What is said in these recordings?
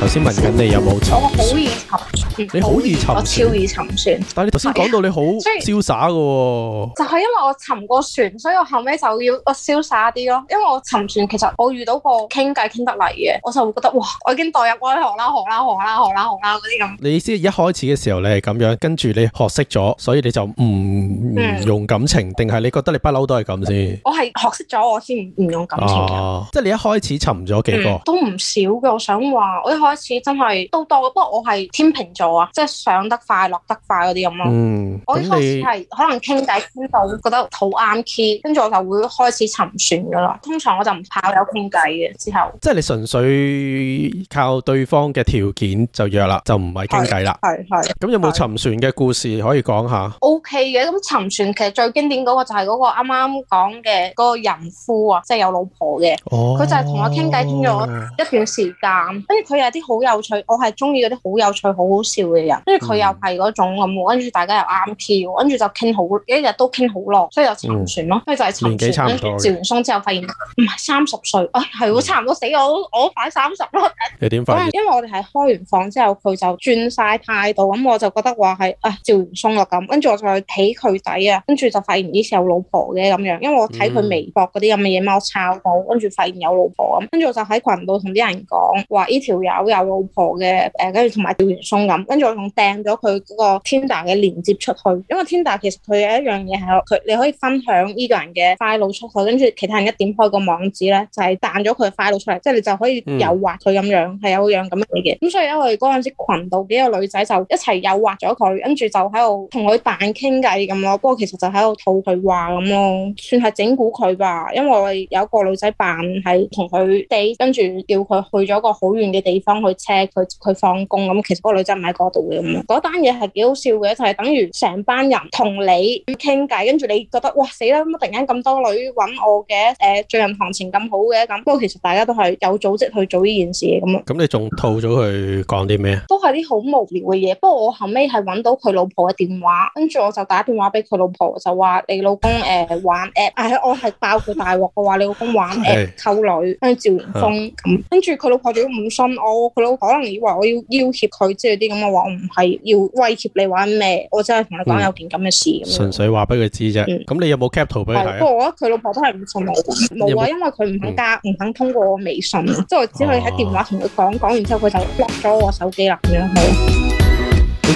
頭先問緊你有冇沉？我好易沉，你好易沉，我超易沉船。沉船但係你頭先講到你好瀟灑嘅，就係、是、因為我沉過船，所以我後尾就要我瀟灑啲咯。因為我沉船，其實我遇到過傾偈傾得嚟嘅，我就會覺得哇，我已經代入我啲學啦學啦學啦學啦學啦啲咁。你意思一開始嘅時候你係咁樣，跟住你學識咗，所以你就唔唔用感情，定係、嗯、你覺得你不嬲都係咁先？我係學識咗我先唔用感情、啊、即係你一開始沉咗幾個、嗯、都唔少嘅。我想話我一開。開始真係都多，不過我係天秤座啊，即係上得快，落得快嗰啲咁咯。嗯，我一開始係可能傾偈傾到覺得好啱 key，跟住我就會開始沉船噶啦。通常我就唔怕有傾偈嘅之後。即係你純粹靠對方嘅條件就約啦，就唔係傾偈啦。係係。咁有冇沉船嘅故事可以講下？O K 嘅，咁、okay、沉船其實最經典嗰個就係嗰個啱啱講嘅嗰個人夫啊，即、就、係、是、有老婆嘅，佢、哦、就係同我傾偈傾咗一段時間，跟住佢有啲。好有趣，我係中意嗰啲好有趣、好好笑嘅人，跟住佢又係嗰種咁，跟住、嗯、大家又啱跳，跟住就傾好一日都傾好耐，所以就沉船咯。佢、嗯、就係沉船。年紀差唔多。跟住 𡁻 完鬆之後發現唔係三十歲，啊係我差唔多死、嗯、我，我都快三十咯。你點快？因為我哋係開完房之後，佢就轉晒態度，咁我就覺得話係啊，𡁻、哎、完鬆啦咁，跟住我就去睇佢底啊，跟住就發現呢次有老婆嘅咁樣，因為我睇佢微博嗰啲咁嘅嘢咩，我抄到，跟住發現有老婆咁，跟住、嗯、我就喺群度同啲人講話呢條友。有老婆嘅誒，跟住同埋 𡁻 完鬆咁，跟住我仲掟咗佢嗰個 Tinder 嘅連接出去，因為 Tinder 其實佢有一樣嘢係佢你可以分享呢個人嘅快樂出去，跟住其他人一點開個網址咧，就係彈咗佢快樂出嚟，即係你就可以誘惑佢咁樣，係、嗯、有樣咁樣嘅。咁所以因為嗰陣時羣度幾個女仔就一齊誘惑咗佢，跟住就喺度同佢扮傾偈咁咯。不過其實就喺度套佢話咁咯，算係整蠱佢吧。因為我哋有個女仔扮係同佢哋，跟住叫佢去咗個好遠嘅地方。去車佢佢放工咁，其實嗰個女仔唔喺嗰度嘅咁樣。嗰單嘢係幾好笑嘅，就係、是、等於成班人同你傾偈，跟住你覺得哇死啦！乜突然間咁多女揾我嘅，誒、呃，最近行情咁好嘅咁。不過其實大家都係有組織去做呢件事嘅咁。咁你仲套咗佢講啲咩啊？都係啲好無聊嘅嘢。不過我後尾係揾到佢老婆嘅電話，跟住我就打電話俾佢老婆，就話你老公誒、呃、玩 app， 我係爆佢大鑊嘅，話你老公玩 app 溝 女，跟住 𡁻 完鬆咁。跟住佢老婆就唔信我。佢老婆可能以為我要要挾佢即類啲咁嘅話，唔係，我我要威脅你玩咩？我真係同你講有件咁嘅事。純、嗯、粹話俾佢知啫。咁、嗯、你有冇 Cap 圖俾佢？不過我覺得佢老婆都係唔信我，冇啊、嗯，因為佢唔肯加，唔、嗯、肯通過我微信，即係、嗯、我只可以喺電話同佢講講，講完之後佢就落 o c k 咗我手機啦。好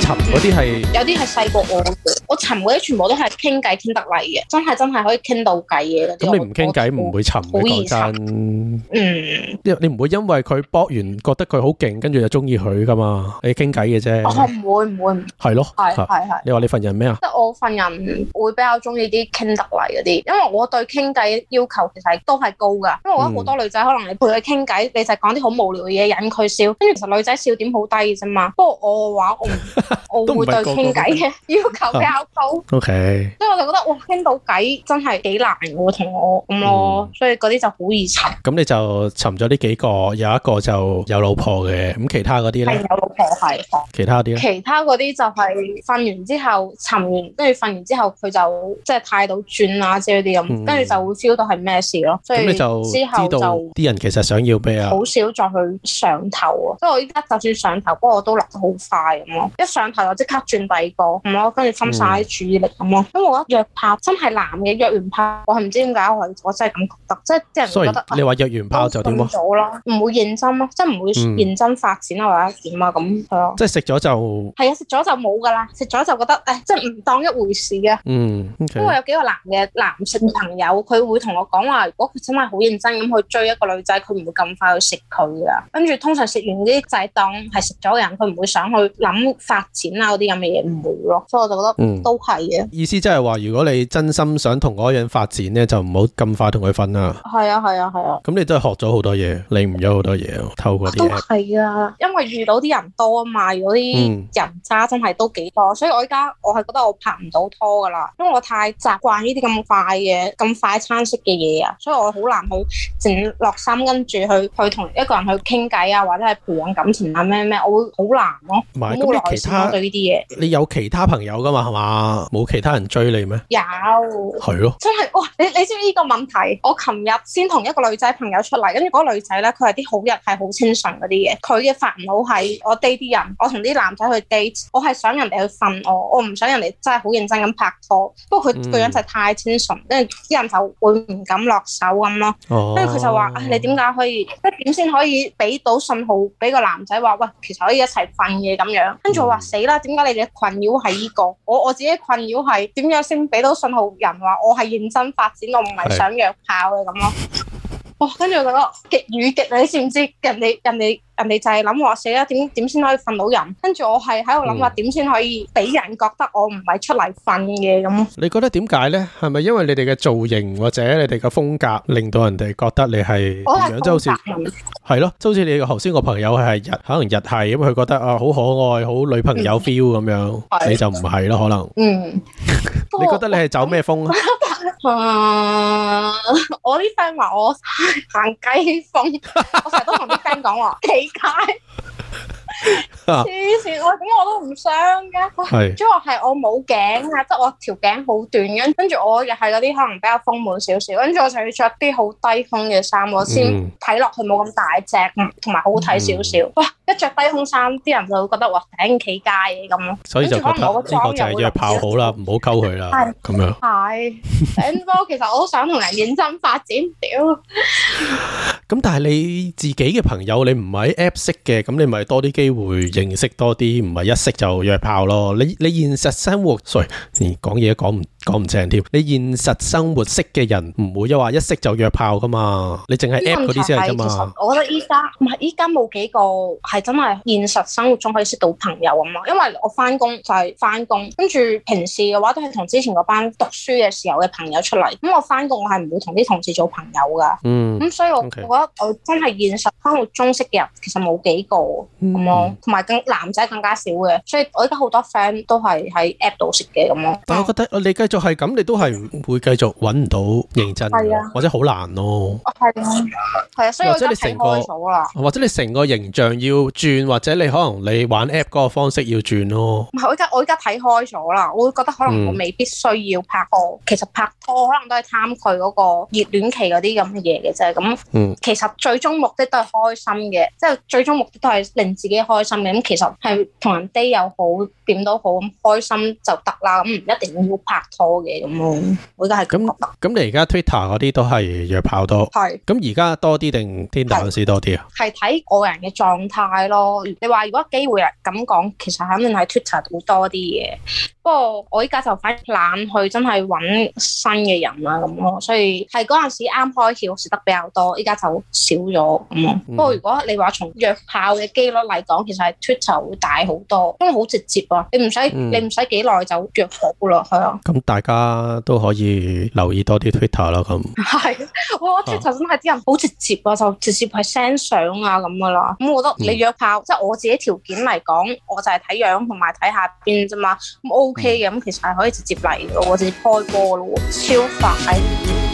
沉嗰啲係，有啲係細過我，我沉嗰啲全部都係傾偈傾得嚟嘅，真係真係可以傾到偈嘅。咁你唔傾偈唔會沉，好易沉。真、嗯。你唔會因為佢搏完覺得佢好勁，跟住就中意佢噶嘛？你傾偈嘅啫，我唔會唔會，係咯，係係係。你話你份人咩啊？即我份人會比較中意啲傾得嚟嗰啲，因為我對傾偈要求其實都係高噶。因為我覺得好多女仔可能你陪佢傾偈，你就講啲好無聊嘅嘢引佢笑，跟住其實女仔笑點好低啫嘛。不過我嘅話我。 我會對傾偈嘅要求較高、啊，OK，所以我就覺得哇，傾到偈真係幾難嘅，同我咁咯，嗯、所以嗰啲就好易沉。咁你就沉咗呢幾個，有一個就有老婆嘅，咁其他嗰啲咧，有老婆係，okay, yes. 其他啲其他嗰啲就係瞓完之後沉完，跟住瞓完之後佢就即係態度轉啊之類啲咁，跟住、嗯、就會 feel 到係咩事咯。所以你就知道啲人其實想要咩啊。好少再去上頭啊，即係我依家就算上頭，不過我都落得好快咁咯。上頭就即刻轉第二個，咁咯，跟住分晒啲注意力咁咯。因為我覺得約炮真係男嘅約完炮，我係唔知點解，我真係咁覺得，即係啲人覺得你話約完炮就點咗咯，唔會認真咯，即係唔會認真發展啊、嗯、或者點啊咁，係咯。即係食咗就係啊，食咗就冇㗎啦，食咗就覺得誒，即係唔當一回事啊。嗯，okay、因為有幾個男嘅男性朋友，佢會同我講話，如果佢真係好認真咁去追一個女仔，佢唔會咁快去食佢噶。跟住通常食完啲仔當係食咗嘅人，佢唔會想去諗發，錢啊，嗰啲咁嘅嘢唔會咯，所以我就覺得都係嘅。意思即係話，如果你真心想同嗰個人發展咧，就唔好咁快同佢瞓啦。係啊，係啊，係啊。咁你都係學咗好多嘢，領悟咗好多嘢，透過啲都係啊。因為遇到啲人多啊嘛，嗰啲人渣真係都幾多，嗯、所以我依家我係覺得我拍唔到拖噶啦，因為我太習慣呢啲咁快嘅、咁快餐式嘅嘢啊，所以我好難好靜落心跟住去去同一個人去傾偈啊，或者係培養感情啊咩咩，我會好難咯。唔係差對呢啲嘢，你有其他朋友噶嘛？係嘛？冇其他人追你咩？有係咯，真係的、就是、哇！你你知唔知呢個問題？我琴日先同一個女仔朋友出嚟，跟住嗰女仔咧，佢係啲好人，係好清純嗰啲嘢。佢嘅煩惱係我 date 啲人，我同啲男仔去 date，我係想人哋去瞓我，我唔想人哋真係好認真咁拍拖。不過佢個樣就係太清純，跟住啲人就會唔敢落手咁咯。跟住佢就話，你點解可以？即係點先可以俾到信號俾個男仔話，喂，其實可以一齊瞓嘅咁樣？跟住我話。死啦！點解你哋嘅困擾係呢個？我我自己困擾係點樣先俾到信號人話我係認真發展，我唔係想約炮嘅咁咯。跟住我覺得極與極，你知唔知？人哋人哋人哋就係諗話，死啦，點點先可以瞓到人？跟住我係喺度諗話，點先可以俾人覺得我唔係出嚟瞓嘅咁？你覺得點解咧？係咪因為你哋嘅造型或者你哋嘅風格，令到人哋覺得你係？咁樣，即係好似。係咯，即係好似你個頭先個朋友係日，可能日系，因為佢覺得啊好可愛，好女朋友 feel 咁樣，你就唔係咯？可能。嗯。你覺得你係走咩風啊？誒，uh, 我呢 friend 話我 行雞風， 我成日都同啲 friend 講話企街！黐線， 我、哎、點我都唔想噶，主要係我冇頸啊，即係我條頸好短嘅，跟住我又係嗰啲可能比較豐滿少少，跟住我就要着啲、嗯、好低胸嘅衫，我先睇落去冇咁大隻，同埋好睇少少。一着低胸衫，啲人就會覺得哇，頂企街咁咯。所以就覺得呢個就係約炮好啦，唔好溝佢啦，咁樣。係，頂多其實我都想同人認真發展。屌，咁但係你自己嘅朋友，你唔喺 App 識嘅，咁你咪多啲機會認識多啲，唔係一識就約炮咯。你你現實生活，Sorry，講嘢都講唔～講唔清添，你現實生活識嘅人唔會一話一識就約炮噶嘛？你淨係 app 嗰啲先啫嘛？我覺得依家唔係，依家冇幾個係真係現實生活中可以識到朋友咁咯。因為我翻工就係翻工，跟住平時嘅話都係同之前嗰班讀書嘅時候嘅朋友出嚟。咁我翻工我係唔會同啲同事做朋友噶。咁、嗯、所以我我覺得我真係現實生活中識嘅人、嗯、其實冇幾個咁咯。同埋、嗯嗯、更男仔更加少嘅，所以我而家好多 friend 都係喺 app 度識嘅咁咯。但我覺得我你就係咁，你都係會繼續揾唔到認真，是啊、或者好難咯。係啊，啊，所以即係你成個，或者你成個形象要轉，或者你可能你玩 app 嗰個方式要轉咯。唔係，我而家我而家睇開咗啦。我會覺得可能我未必需要拍拖。嗯、其實拍拖可能都係貪佢嗰個熱戀期嗰啲咁嘅嘢嘅啫。咁其實最終目的都係開心嘅，嗯、即係最終目的都係令自己開心嘅。咁其實係同人低又好，點都好，咁開心就得啦。咁唔一定要拍拖。多嘅咁咯，我哋係咁咁你而家 Twitter 嗰啲都係約炮多，係咁而家多啲定 Tinder 嗰時多啲啊？係睇個人嘅狀態咯。你話如果機會嚟咁講，其實肯定係 Twitter 會多啲嘅。不過我依家就反懶去真係搵新嘅人啊咁咯，所以係嗰陣時啱開竅時得比較多，依家就少咗咁咯。不過如果你話從約炮嘅幾率嚟講，其實係 Twitter 會大好多，因為好直接啊，你唔使、嗯、你唔使幾耐就約好咯，係啊。嗯大家都可以留意多啲 Twitter 啦，咁係，我我 Twitter 真係啲人好直接啊，就直接係 send 相啊咁噶啦。咁我覺得你約炮，嗯、即係我自己條件嚟講，我就係睇樣同埋睇下邊啫嘛，咁 OK 嘅，咁、嗯、其實係可以直接嚟，我直接開波咯。超快。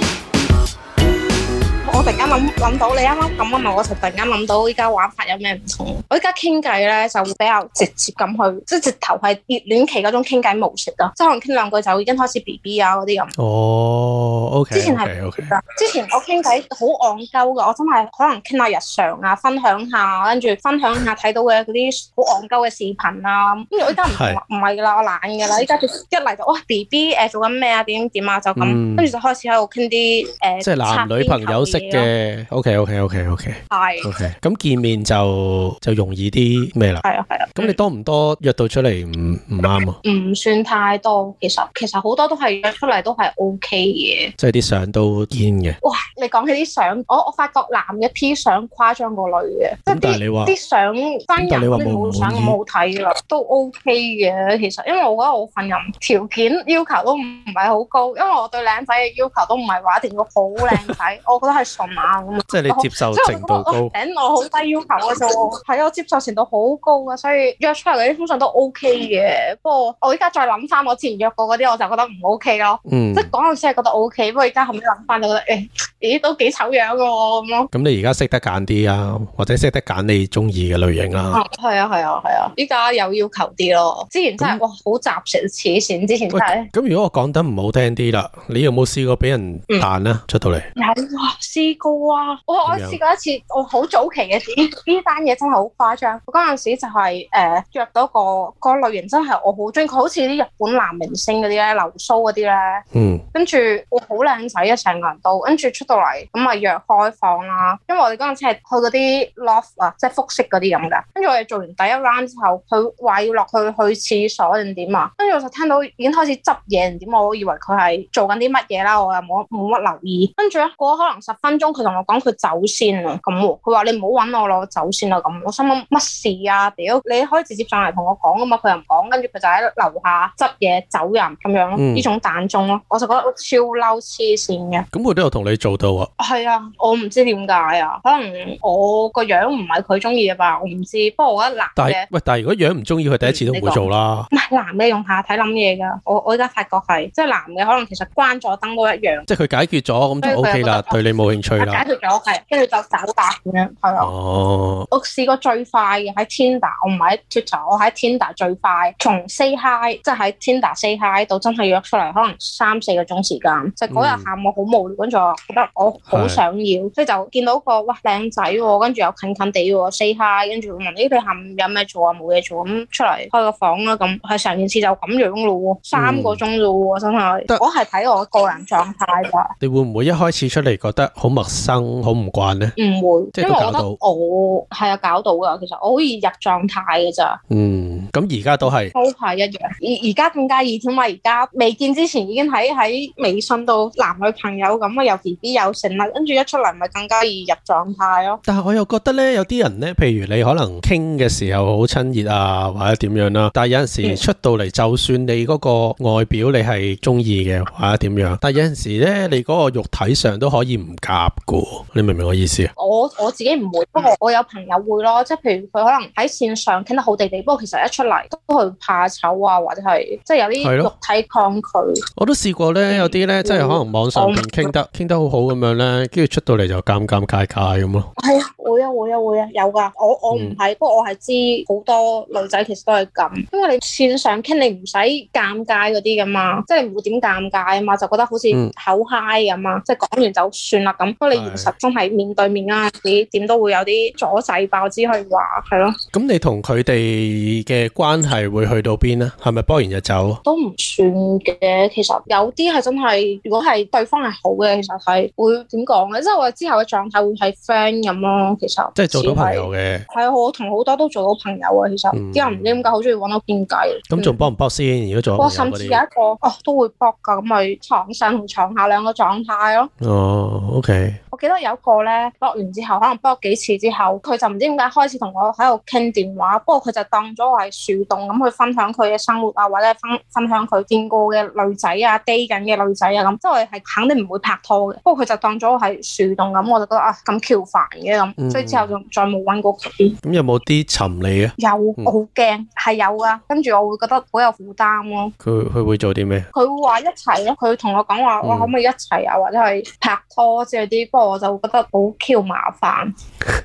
我突然間諗諗到你啱啱咁啊嘛，我就突然間諗到依家玩法有咩唔同。我依家傾偈咧，就會比較直接咁去，即係直頭係熱戀期嗰種傾偈模式啊，即係可能傾兩句就已經開始 B B 啊嗰啲咁。哦，O K。Okay, 之前係 O K。Okay, okay. 之前我傾偈好戇鳩噶，我真係可能傾下日常啊，分享下，跟住分享下睇到嘅嗰啲好戇鳩嘅視頻啊。跟住我依家唔唔係噶啦，我懶噶啦，依家一嚟就哇、哦、B B 誒、呃、做緊咩啊？點點啊？就咁，跟住、嗯、就開始喺度傾啲誒。呃、即係男女朋友和 嘅，OK OK OK OK，係，OK，咁見面就就容易啲咩啦？係啊係啊，咁、啊、你多唔多約到出嚟唔唔啱啊？唔算太多，其實其實好多都係約出嚟都係 OK 嘅，即係啲相都堅嘅。哇！你講起啲相，我我發覺男嘅 P 相誇張過女嘅，即係你話啲相真係冇相咁好睇啦，都 OK 嘅其實，因為我覺得我份人條件要求都唔唔係好高，因為我對靚仔嘅要求都唔係話一定要好靚仔，我覺得係。信咁即係你接受程度高。請我好低要求嘅就。係咯，接受程度好高啊，所以約出嚟嗰啲風尚都 OK 嘅。不過我依家再諗翻我之前約過嗰啲，我就覺得唔 OK 咯。嗯、即係嗰陣時係覺得 OK，不過而家後尾諗翻就覺得誒。欸咦，都幾醜樣喎咁咯。咁、嗯嗯、你而家識得揀啲啊，或者識得揀你中意嘅類型啦？係啊，係、嗯、啊，係啊！依家、啊、有要求啲咯，之前真係哇，好雜成扯線，之前真係、嗯。咁如果我講得唔好聽啲啦，你有冇試過俾人彈咧、嗯、出到嚟？有啊，試過啊，我有我試過一次，我好早期嘅事，呢單嘢真係好誇張。我嗰陣時就係、是、誒、呃、約到個個類型，真係我好中意佢，好似啲日本男明星嗰啲咧，留鬚嗰啲咧，嗯，跟住我好靚仔啊，成個人，人都跟住出。到嚟咁啊，約開放啦，因為我哋嗰陣時係去嗰啲 loft 啊，即係複式嗰啲咁嘅。跟住我哋做完第一 round 之後，佢話要落去去廁所定點啊？跟住我就聽到已經開始執嘢定點，我以為佢係做緊啲乜嘢啦，我又冇冇乜留意。跟住咧，過可能十分鐘，佢同我講佢走先咁喎，佢話你唔好揾我攞走先啦咁。我，我心諗乜事啊？屌，你可以直接上嚟同我講噶嘛？佢又唔講，跟住佢就喺樓下執嘢走人咁樣，呢、嗯、種彈中咯，我就覺得超嬲黐線嘅。咁佢都有同你做。到啊，係啊，我唔知點解啊，可能我個樣唔係佢中意嘅吧，我唔知。不過我覺得男嘅，喂，但係如果樣唔中意佢，第一次都唔會做啦。唔係、嗯、男嘅用下睇諗嘢噶，我我依家發覺係，即係男嘅可能其實關咗燈都一樣。即係佢解決咗咁就 OK 啦，對你冇興趣啦。解決咗係，跟、OK, 住就走達咁樣係啊。啊我試過最快嘅喺 Tinder 我唔係喺脱查，我喺 Tinder 最快，從 say hi 即係喺 Tinder say hi 度真係約出嚟，可能三四個鐘時間。就嗰日喊我好無聊，跟住我覺得。我好想要，即係是的 就見到個哇靚仔喎、哦，跟住又近近哋喎，say hi，跟住問咦佢下午有咩做啊？冇嘢做咁、啊、出嚟開個房啦咁，係成件事就咁樣咯喎，三個鐘啫喎真係。嗯、我係睇我個人狀態㗎。得你會唔會一開始出嚟覺得好陌生，好唔慣咧？唔會，因為我覺得我係啊搞到㗎，其實我好易入狀態㗎咋。嗯，咁而家都係都係一樣。而而家更加易點嘛？而家未見之前已經喺喺微信到男女朋友咁啊，有 B B 有成啦，跟住一出嚟咪更加易入狀態咯。但係我又覺得咧，有啲人咧，譬如你可能傾嘅時候好親熱啊，或者點樣啦、啊。但係有陣時出到嚟，嗯、就算你嗰個外表你係中意嘅，或者點樣，但係有陣時咧，你嗰個肉體上都可以唔夾噶，你明唔明我意思啊？我我自己唔會，不過我有朋友會咯。即係譬如佢可能喺線上傾得好地地，不過其實一出嚟都係怕醜啊，或者係即係有啲肉體抗拒。我都試過咧，有啲咧即係可能網上面傾得傾得好好。咁樣咧，跟住出到嚟就尷尬尷尬咁咯。係 啊，會啊會啊會啊，有噶。我我唔係，不過、嗯、我係知好多女仔其實都係咁。因為你線上傾，你唔使尷尬嗰啲噶嘛，即係唔會點尷尬啊嘛，就覺得好似口嗨咁啊，嗯、即係講完就算啦咁。不過你現實真係面對面啊，的你點都會有啲阻滯吧。我只可以話係咯。咁你同佢哋嘅關係會去到邊呢？係咪波完就走？都唔算嘅。其實有啲係真係，如果係對方係好嘅，其實係。會點講咧？即係我哋之後嘅狀態會係 friend 咁咯，其實即係做到朋友嘅，係我同好多都做到朋友啊。嗯、其實啲人唔知點解好中意搵到傾偈。咁仲搏唔搏先？如果仲，哇，甚至有一個哦，都會搏噶，咁咪床上同床下兩個狀態咯。哦，OK。記得有個咧，扑完之後，可能扑幾次之後，佢就唔知點解開始同我喺度傾電話。不過佢就當咗我係樹洞咁去分享佢嘅生活啊，或者分分享佢見過嘅女仔啊、低緊嘅女仔啊咁。即係係肯定唔會拍拖嘅。不過佢就當咗我係樹洞咁，我就覺得啊咁橋煩嘅咁。嗯、所以之後就再冇揾過佢。咁有冇啲尋你啊？有，嗯、我好驚係有噶。跟住我會覺得好有負擔咯。佢佢會做啲咩？佢會話一齊咯。佢同我講話，我可唔可以一齊啊？或者係拍拖即係啲。我就覺得好 Q 麻煩，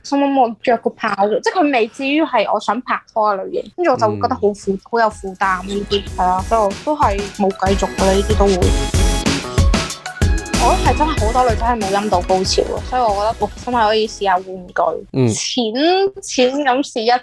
所以我著個跑，即係佢未至於係我想拍拖嘅類型，跟住我就會覺得好負好有負擔呢啲，係啊，所以我都係冇繼續㗎啦，呢啲都會。我係真係好多女仔係冇陰道高潮咯，所以我覺得、哦試試嗯、我哇，真係可以試下玩具，嗯，淺淺咁試一下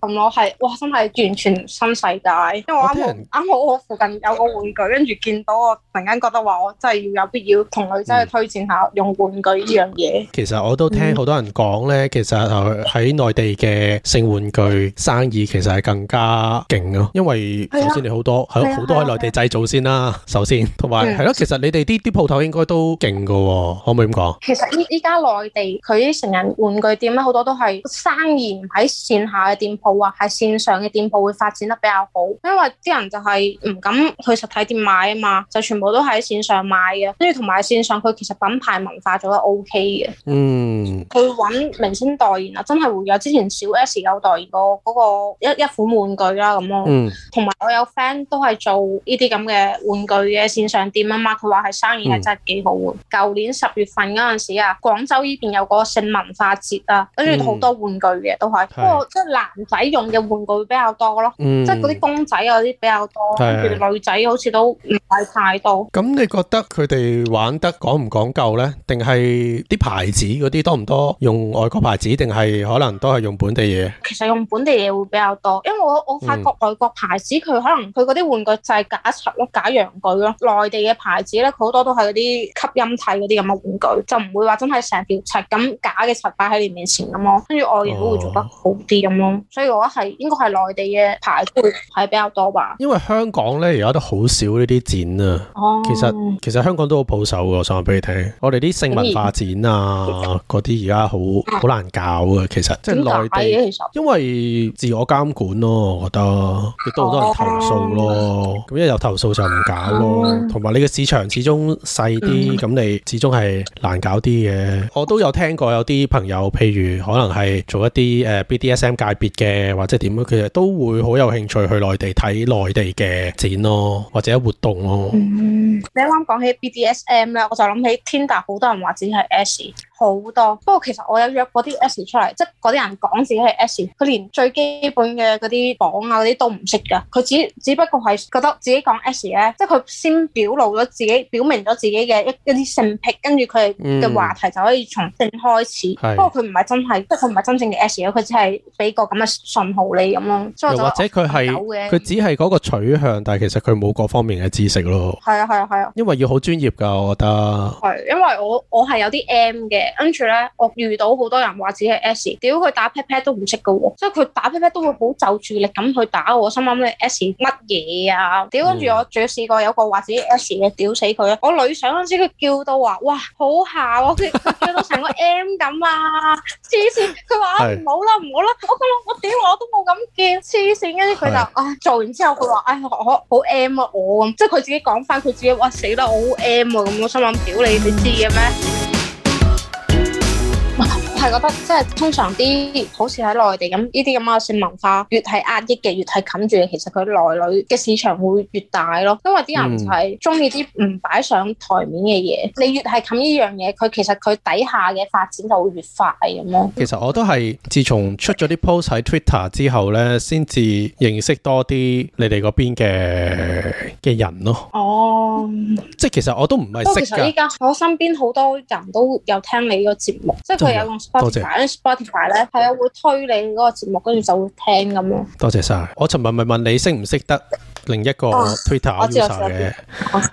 咁我係哇，真係完全新世界，因為我啱啱好，啱好我附近有個玩具，跟住見到我突然間覺得話我真係要有必要同女仔去推薦下用玩具呢樣嘢。嗯嗯、其實我都聽好多人講呢，嗯、其實喺內地嘅性玩具生意其實係更加勁咯，因為首先你好多係好多喺內地製造先啦，首先，同埋係咯，其實你哋啲啲鋪頭應該都。都勁嘅，可唔可以咁講？其實依依家內地佢啲成人玩具店咧，好多都係生意唔喺綫下嘅店鋪啊，喺綫上嘅店鋪會發展得比較好，因為啲人就係唔敢去實體店買啊嘛，就全部都喺綫上買嘅，跟住同埋綫上佢其實品牌文化做得 OK 嘅。嗯。佢搵明星代言啊，真係會有之前小 S 有代言過嗰、那個一一款玩具啦咁咯。同埋、嗯、我有 friend 都係做呢啲咁嘅玩具嘅綫上店啊嘛，佢話係生意係真係幾。嗯。舊年十月份嗰陣時啊，廣州呢邊有個性文化節啊，跟住好多玩具嘅都係，不過、嗯、即係男仔用嘅玩具比較多咯，嗯、即係嗰啲公仔嗰啲比較多，跟住、嗯、女仔好似都唔係太多。咁的你覺得佢哋玩得講唔講究呢？定係啲牌子嗰啲多唔多用外國牌子，定係可能都係用本地嘢？其實用本地嘢會比較多，因為我我發覺外國牌子佢可能佢嗰啲玩具就係假柒咯，假洋具咯。內地嘅牌子呢，佢好多都係嗰啲。吸音體嗰啲咁嘅玩具，就唔會話真係成條柒咁假嘅柒擺喺你面前咁咯，跟住外形都會做得好啲咁咯。哦、所以我覺得係應該係內地嘅牌會係比較多吧。因為香港咧，而家都好少呢啲展啊。哦，其實其實香港都好保守嘅，我想話俾你聽。我哋啲性文化展啊，嗰啲而家好好難搞嘅，啊、其實即係內地，為因為我自我監管咯、啊，我覺得，亦都好多人投訴咯。咁一、哦、有投訴就唔搞咯，同埋、嗯、你嘅市場始終細啲。嗯咁、嗯、你始終係難搞啲嘅。我都有聽過有啲朋友，譬如可能係做一啲誒 BDSM 界別嘅，或者點樣，佢哋都會好有興趣去內地睇內地嘅展咯，或者活動咯。嗯、你啱啱講起 BDSM 咧，我就諗起 Tinder 好多人話自己係 S。好多，不過其實我有約過啲 S 出嚟，即係嗰啲人講自己係 S，佢連最基本嘅嗰啲綁啊嗰啲都唔識㗎。佢只只不過係覺得自己講 S 咧，即係佢先表露咗自己，表明咗自己嘅一一啲性癖，跟住佢嘅話題就可以從性開始。嗯、不過佢唔係真係，即係佢唔係真正嘅 S 咯，佢只係俾個咁嘅信號你咁咯。又或者佢係佢只係嗰個取向，但係其實佢冇各方面嘅知識咯。係啊，係啊，係啊。因為要好專業㗎，我覺得。係，因為我我係有啲 M 嘅。跟住咧，我遇到好多人話自己係 S，屌佢打 pat pat 都唔識嘅喎，即係佢打 pat pat 都會好就住力咁去打我，心諗你 S 乜嘢啊？屌！跟住我仲要試過有個話自己 S 嘅，屌死佢！我女上嗰陣時，佢叫到話，哇，好姣佢叫到成個 M 咁啊！黐線，佢話唔好啦，唔好啦，我佢我屌我都冇咁叫，黐線！跟住佢就啊做完之後，佢話唉我好 M 啊我咁，即係佢自己講翻佢自己，哇死得好 M 啊咁，我心諗屌你你知嘅咩？覺得即係通常啲好似喺內地咁呢啲咁嘅性文化，越係壓抑嘅，越係冚住，其實佢內裏嘅市場會越大咯。因為啲人係中意啲唔擺上台面嘅嘢，你越係冚呢樣嘢，佢其實佢底下嘅發展就會越快咁咯。其實我都係自從出咗啲 post 喺 Twitter 之後咧，先至認識多啲你哋嗰邊嘅嘅人咯。哦、嗯，即係其實我都唔係識。不過其實依家我身邊好多人都有聽你個節目，即係佢有。多謝。Spotify 咧，係啊，會推你個節目，跟住就會聽咁咯。多謝晒。謝謝。我尋日咪問你識唔識得另一個唉 Twitter 嘅？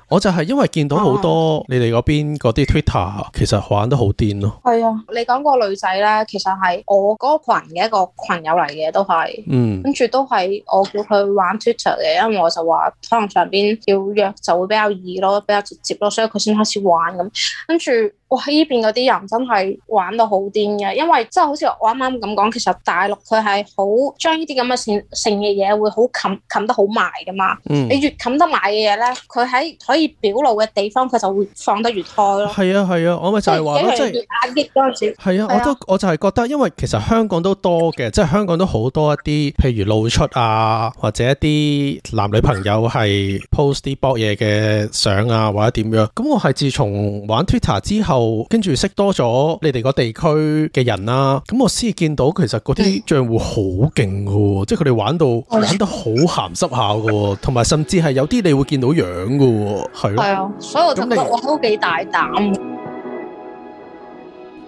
我就係因為見到好多、啊、你哋嗰邊嗰啲 Twitter，其實玩得好癲咯。係啊，你講個女仔咧，其實係我嗰個群嘅一個群友嚟嘅，都係。嗯。跟住都係我叫佢玩 Twitter 嘅，因為我就話可能上邊要約就會比較易咯，比較直接咯，所以佢先開始玩咁，跟住。哇！呢邊嗰啲人真係玩到好癲嘅，因為即係好似我啱啱咁講，其實大陸佢係好將呢啲咁嘅性性嘅嘢會好冚冚得好埋噶嘛。嗯，你越冚得埋嘅嘢咧，佢喺可以表露嘅地方，佢就會放得越開咯。係啊係啊，我咪就係話咯，即係壓抑嗰陣時。係啊，啊啊我都我就係覺得，因為其實香港都多嘅，即係香港都好多一啲譬如露出啊，或者一啲男女朋友係 post 啲搏嘢嘅相啊，或者點樣，咁我係自從玩 Twitter 之後。跟住識多咗你哋個地區嘅人啦、啊，咁我先至見到其實嗰啲賬戶好勁噶，嗯、即係佢哋玩到玩得好鹹濕下噶，同埋甚至係有啲你會見到樣噶，係咯、啊，嗯嗯、所以我就覺得我都幾大膽。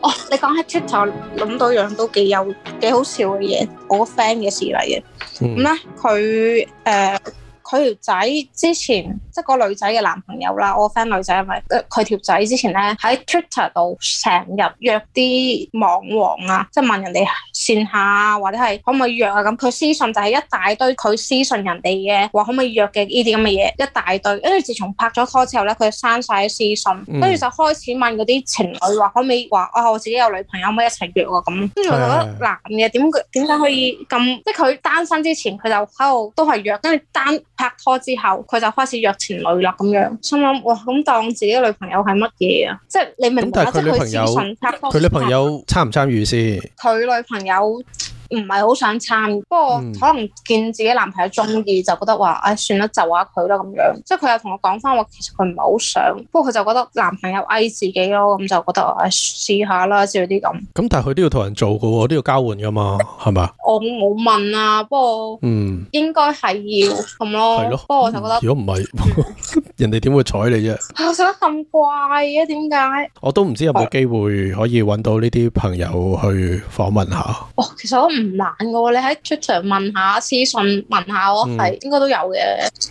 哦， oh, 你講起 Twitter 諗到樣都幾有幾好笑嘅嘢，我個 friend 嘅事嚟嘅，咁咧佢誒。佢條仔之前即係、個女仔嘅男朋友啦，我個 friend 女仔咪佢條仔之前咧喺 Twitter 度成日約啲網王啊，即係問人哋線下啊，或者係可唔可以約啊？咁佢私信就係一,一大堆，佢私信人哋嘅話可唔可以約嘅呢啲咁嘅嘢一大堆。跟住自從拍咗拖之後咧，佢刪曬啲私信，跟住、嗯、就開始問嗰啲情侶話可唔可以話啊、哦，我自己有女朋友可唔可以一齊約啊咁。跟住我就覺得男嘅點點解可以咁？即係佢單身之前佢就喺度都係約，跟住單。拍拖之後，佢就開始約前女友啦咁樣，心諗哇，咁當自己女朋友係乜嘢啊？即係你明唔明啊？即係佢自己拍拖，佢女朋友參唔參與先？佢女朋友。唔係好想參，不過可能見自己男朋友鍾意，就覺得話，唉、哎，算啦，就下佢啦咁樣。即係佢又同我講返話，其實佢唔係好想，不過佢就覺得男朋友誒自己咯，咁、嗯、就覺得啊、哎，試下啦之類啲咁。咁但係佢都要同人做嘅喎，都要交換嘅嘛，係咪啊？我冇問啊，不過嗯，應該係要咁咯。係咯。不過我就覺得如果唔係，人哋點會睬你啫？我想咁怪嘅，點解？我都唔知有冇機會可以搵到呢啲朋友去訪問下。我、哦、其實我唔難嘅，你喺出場問下私信問下我係、嗯、應該都有嘅。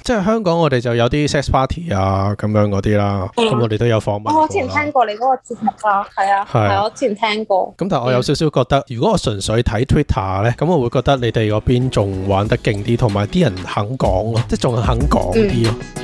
即係香港我哋就有啲 sex party 啊咁樣嗰啲啦，咁、嗯、我哋都有訪問、哦。我之前聽過你嗰個節目啊，係啊是，係我之前聽過。咁但係我有少少覺得，嗯、如果我純粹睇 Twitter 呢，咁我會覺得你哋嗰邊仲玩得勁啲，同埋啲人肯講咯，即係仲肯講啲咯。嗯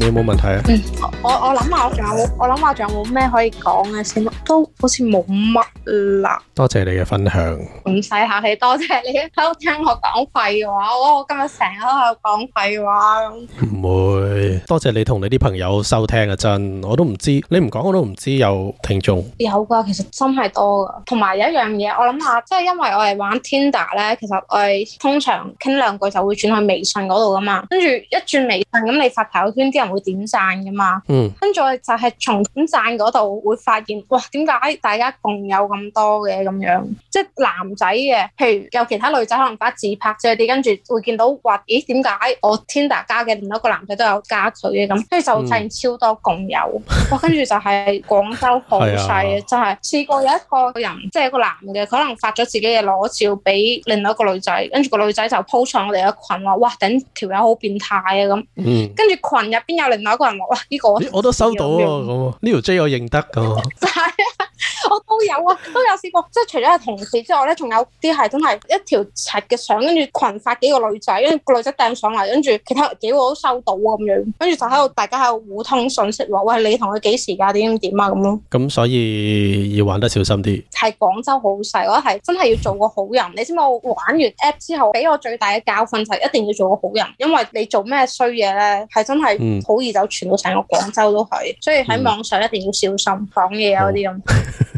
你有冇問題啊？嗯，我我諗下，仲有冇，我諗下，仲有冇咩可以講嘅先，都好似冇乜啦。多謝你嘅分享。唔使客氣，多謝你喺度聽我講廢話。我今日成日都喺度講廢話。唔會，多謝你同你啲朋友收聽啊！真，我都唔知你唔講我都唔知有聽眾。有噶，其實真係多噶。同埋有一樣嘢，我諗下，即係因為我係玩 Tinder 咧，其實我係通常傾兩句就會轉去微信嗰度噶嘛。跟住一轉微信，咁你發朋友圈啲人。會點讚噶嘛？嗯，跟住就係從點讚嗰度會發現，哇，點解大家共有咁多嘅咁樣？即係男仔嘅，譬如有其他女仔可能發自拍之類啲，跟住會見到，哇，咦，點解我 Tinder 加嘅另一個男仔都有加佢嘅咁？跟住就發現超多共有，嗯、 哇！跟住就係廣州好細嘅， 啊、就係試過有一個人，即係個男嘅，可能發咗自己嘅裸照俾另外一個女仔，跟住個女仔就 po 上我哋嘅群話，哇，頂條友好變態啊咁，嗯、跟住群入邊。有另外一個人落啦，呢個我都收到啊，咁呢條 J 我認得噶。就係啊。都 有啊，都有試過。即係除咗係同事之外咧，仲有啲係真係一條柒嘅相，跟住群發幾個女仔，跟住個女仔掟上嚟，跟住其他幾個都收到啊咁樣。跟住就喺度大家喺度互通信息話：喂，你同佢幾時點樣點樣啊？點點啊咁咯。咁、嗯、所以要玩得小心啲。係廣州好細，我係真係要做個好人。你知唔知我玩完 app 之後俾我最大嘅教訓就係一定要做個好人，因為你做咩衰嘢咧，係真係好易就傳到成個廣州都係。所以喺網上一定要小心講嘢啊啲咁。好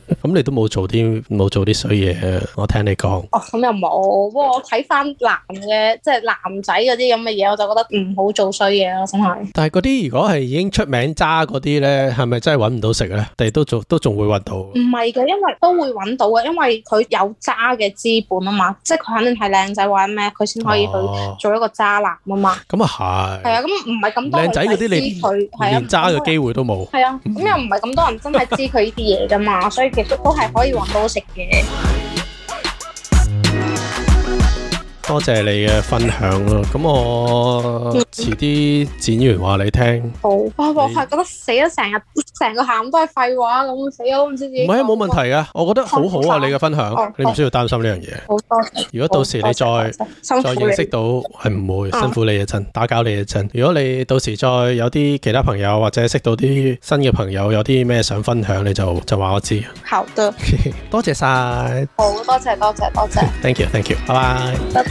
咁你都冇做啲冇做啲衰嘢，我聽你講。哦，咁又冇。不過我睇翻男嘅，即係男仔嗰啲咁嘅嘢，我就覺得唔好做衰嘢咯，真係。但係嗰啲如果係已經出名渣嗰啲咧，係咪真係搵唔到食咧？但係都做都仲會搵到。唔係嘅，因為都會搵到啊，因為佢有渣嘅資本啊嘛，即係佢肯定係靚仔或者咩，佢先可以去做一個渣男啊嘛。咁啊係。係啊，咁唔係咁多靚仔嗰啲，你佢連渣嘅機會都冇。係啊，咁又唔係咁多人真係知佢呢啲嘢噶嘛，所以其實。都係可以揾到食嘅。多謝你嘅分享啦，咁我遲啲剪完話你聽。好，我係覺得死咗成日，成個下午都係廢話咁，死我都唔知點。唔係啊，冇問題啊，我覺得好好啊，你嘅分享，你唔需要擔心呢樣嘢。好多謝。如果到時你再再認識到，係唔會辛苦你一陣，打攪你一陣。如果你到時再有啲其他朋友或者識到啲新嘅朋友，有啲咩想分享，你就就話我知。好的，多謝晒。好多謝，多謝，多謝。Thank you，Thank you，拜拜。